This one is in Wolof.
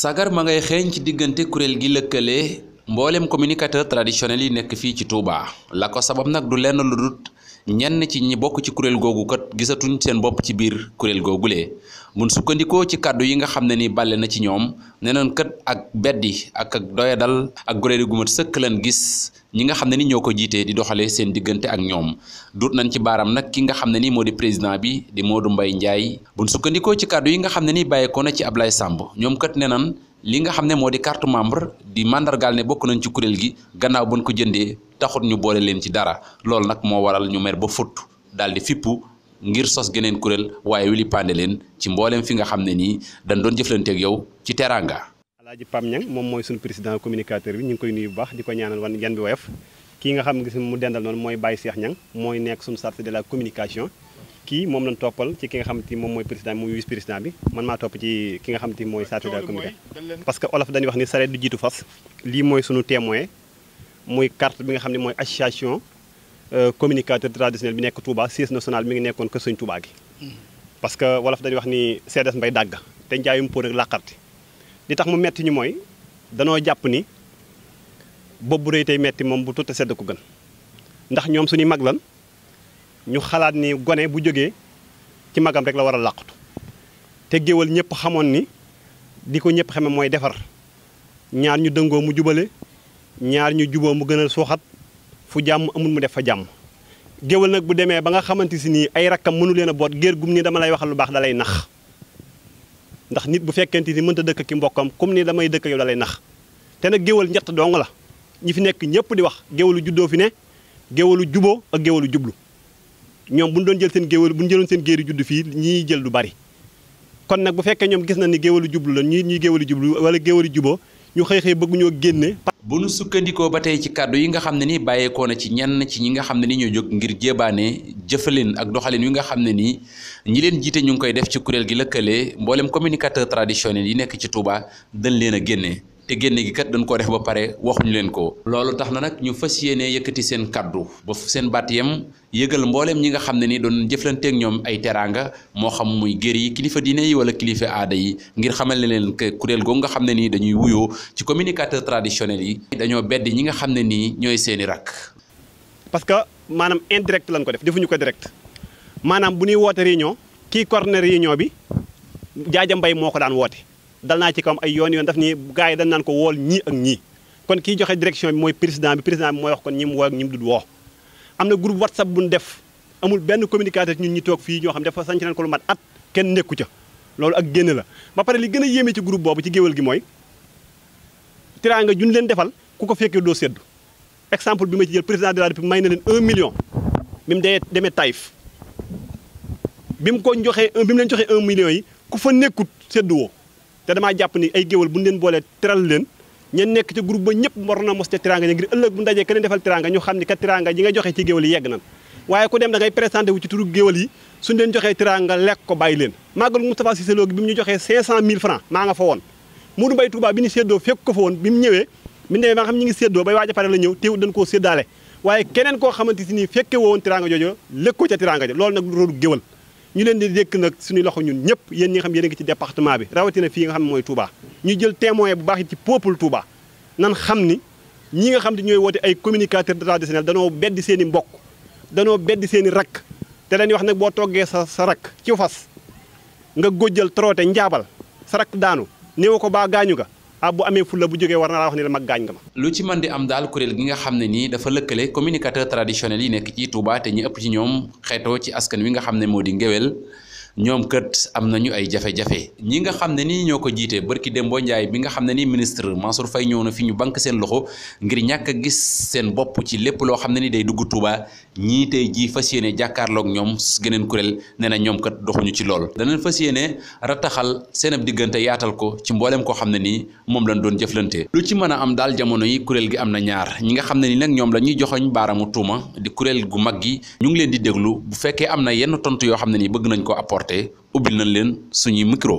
sagar ma ngay xeeñ ci diggante kuréel gi lëkkale mboolem communicateur traditionnel yi nekk fii ci Touba la ko sabab nag du lenn lu dut ñenn ci ñi bokk ci kuréel googu kat gisatuñ seen bopp ci biir kuréel googulee mun sukkandikoo ci kàddu yi nga xam ne ni bàlle na ci ñoom ne noon kat ak beddi ak ak doyadal ak guréel gu mat sëkk gis ñi nga xam ne ni ñoo ko jiitee di doxalee seen diggante ak ñoom duut nañ ci baaram nag ki nga xam ne ni moo di président bi di moo du mbay Ndiaye buñ sukkandikoo ci kàddu yi nga xam ne ni bàyyeekoo na ci Ablaye Samb ñoom kat ne nan li nga xam ne moo di carte membre di mandargaal ne bokk nañ ci kuréel gi gannaaw buñ ko jëndee taxut ñu boole leen ci dara lool nak moo waral ñu mer ba futt daal di fippu ngir sos geneen kurel waaye wili pande leen ci mbooleem fi nga xam ne nii dañ doon ak yow ci teranga alaaji pam ñang moom mooy suñu président communicateur bi ñu ngi koy nuyu bu baax di ko ñaanal wan yan bi woyof kii nga xam gis mu dendal noonu mooy Baye Cheikh Ñang mooy nekk suñu charte de la communication kii moom lañ toppal ci ki nga ti moom mooy président muy vice président bi man maa topp ci ki nga ti mooy charte de la communication parce que olaf dañuy wax ni sareet du jiitu fas lii mooy sunu témoin muy carte bi nga xam ne mooy association euh, communicateur traditionnel bi nekk Touba siège national mi ngi nekkoon kër Sëñ Touba gi. parce que wolof dañuy wax ni seedes mbay dàgg te njaayum po rek làqarti li tax mu metti ñu mooy danoo jàpp ni bopp bu rëy tey metti moom bu tuuti sedd ko gën ndax ñoom suñu mag lan ñu xalaat ni gone bu jógee ci magam rek la war a làqatu te géwal ñëpp xamoon ni di ko ñëpp xame mooy defar ñaar ñu dëngoo mu jubale ñaar ñu jubo mu gënal amun suuxat fu jamm amul mu def fa jamm geewal nag bu démé ba nga xamante ni ay rakam mënu leena bot geer gum ni dama lay waxal lu bax dalay nax ndax nit bu fekkenti ni mënta dëkk ki mbokam kum ni damay dëkk yow dalay nax té nak geewal ñett dong la ñi fi nekk ñepp di wax geewalu juddo fi ne geewalu jubo ak geewalu jublu ñom buñ doon jël seen geewal buñ ñu seen geeru juddu fi ñi jël du bari kon nag bu fekke ñom gis na ni geewalu jublu la ñi ñi geewalu jublu wala geewalu jubo ñu xey xey bëgg ñoo génné bu nu sukkandikoo ba tey ci kàddu yi nga xam ne ni bàyyeekoo na ci ñenn ci ñi nga xam ne ni ñoo jóg ngir jébaane jëfaleen ak doxalin yu nga xam ne nii ñi leen jiite ñu ngi koy def ci kuréel gi lëkkale mboolem communicateur traditionnel yi nekk ci Touba dañ leen a génnee te génne gi kat dañ koo def ba pare waxuñu leen ko. loolu tax na nag ñu fas yéene yëkkati seen kàddu ba seen baat yem yëgal mbooleem ñi nga xam ne ni doon jëflanteeg ñoom ay teraanga moo xam muy gér yi kilifa diine yi wala kilifa aada yi ngir xamal leen que kuréel googu nga xam ne nii dañuy wuyoo ci communicateur traditionnel yi. dañoo bedd ñi nga xam ne nii ñooy seeni rakk. parce que maanaam indirect lañ ko def defuñu ko direct maanaam bu ñuy woote réunion kii coordonné réunion bi jaaja mbay moo ko daan woote. dal naa ci kawam ay yoon yoon daf ni gars yi dañ naan ko wool ñii ak ñii kon kiy joxe direction bi mooy président bi président mooy wax kon ñi mu woo ak ñi mu dul woo am na groupe whatsapp bu ñu def amul benn communicateur ñun ñi toog fii ñoo xam dafa sanc nañ ko lu mat at kenn nekku ca loolu ak génn la ba pare li gën a yéeme ci groupe boobu ci géwél gi mooy tiraanga juñ leen defal ku ko fekkee doo seddu exemple bi ma ci jël président de la may na leen 1 million bi mu demee Taïf bi mu ko joxee bi mu leen joxee 1 million ku fa nekkut seddu woo te damaa jàpp ni ay géwal buñu leen boolee teral leen ñeen nekk ci groupe ba ñëpp war na mos ca tiranga ngir ëllëg bu ndajee keneen defal tiranga ñu nga joxee ci géwal yi yegg nan waaye ku dem da ngay présenté wu ci turu géwal yi suñu leen joxee tiranga lekk ko bàyyi leen màggalu Moustapha Cissé Lo gi bi mu ñu joxee 500000 francs maa nga fa woon Modou Mbaye Touba bi ñu séddoo fekk ko fa woon bi mu ñëwee bi ñu demee nga xam ñi ngi séddoo bay a pare la koo séddaale waaye keneen koo xamante si nii fekke woowoon tiranga joojo lekk ñu leen di dékk nag suñu loxo ñun ñëpp yéen ñi nga xam yéen a ngi ci département bi rawatina fii nga xam ne mooy Touba ñu jël témoin bu baax it ci peuple Touba nan xam ni ñi nga xam ne ñooy woote ay communicateur traditionnel danoo beddi seen i mbokk danoo beddi seen i rakk te dañuy wax nag boo toggee sa sa rakk ci fas nga gójjal troote njaabal sa rakk daanu néew ko baa gaañu nga ah bu amee fulla bu jógee war na laa wax ne la mag lu ci mën di am daal kuréel gi nga xam ne nii dafa lëkkale communicateur traditionnel yi nekk ci Touba te ñi ëpp ci ñoom xeetoo ci askan wi nga xam ne moo di ngéwél ñom kët amna ñu ay jafe-jafe ñi nga xamné ni ñoko jité barki Dembo ndjay bi nga xamné ni ministre Mansour Faye fi ñu bank seen loxo ngir ñak gis seen bop ci lepp lo xamné ni day dugg Touba ñi tay ji fas yéene jàkkaarloog ñoom geneen kuréel nee na ñoom kat doxuñu ci lool danañ fas yéene rataxal seen ab digënté yaatal ko ci mboolem ko xamné ni mom lañ doon jëflante lu ci mëna am dal jamono yi kurel gi amna ñaar ñi nga xamné ni nak ñom lañuy joxoñ baramu touma di kurel gu maggi ñu ngi leen di déglu bu féké amna yenn tontu yo xamné ni bëgg nañ ko apport apporté ubbil nañ leen suñuy micro.